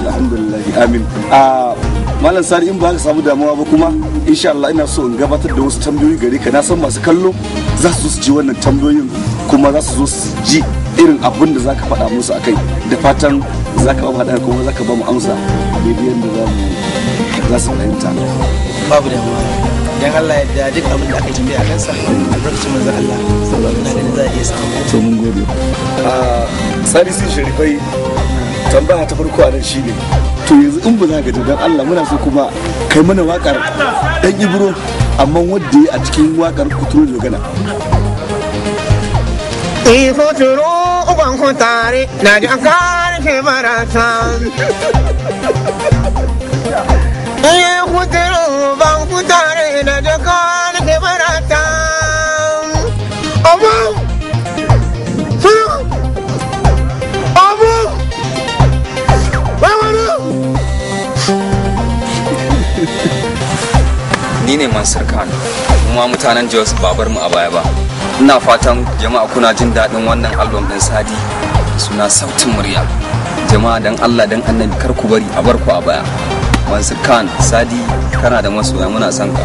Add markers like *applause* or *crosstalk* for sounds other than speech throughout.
alhamdulillah amin ah, malam sari in ba ka samu damuwa ba kuma insha Allah ina so in gabatar da wasu tambayoyi gare ka na san masu kallo za su ji wannan tambayoyin kuma za su zo su ji irin abin da za ka faɗa musu akai da fatan za ka ba da kuma za ka ba mu amsa daidai da za mu za su fahimta babu damuwa dan Allah ya da duk abin da aka tambaya a kansa albarkacin manzo Allah sallallahu alaihi wasallam za a iya samu to mun gode a ah, tsari sun shirifai tambaya ta farko a nan shine to yanzu in ba za ka dan Allah muna so kuma kai mana wakar dan ibro amma wanda ya a cikin wakar kuturo da gana Ifo eh, turo uban ku na ji an kare ke barata. Iye *laughs* eh, turo ne Mansur Khan kuma mutanen Jos babar mu a baya ba ina fatan jama'a kuna jin daɗin wannan album ɗin Sadi suna sautin murya jama'a dan Allah dan annabi kar ku bari a bar ku a baya Mansur Khan Sadi kana da masoya muna son ka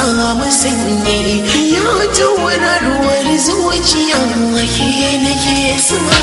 sa masa ne ya tawararwar zuciya ke nake sama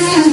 Yeah.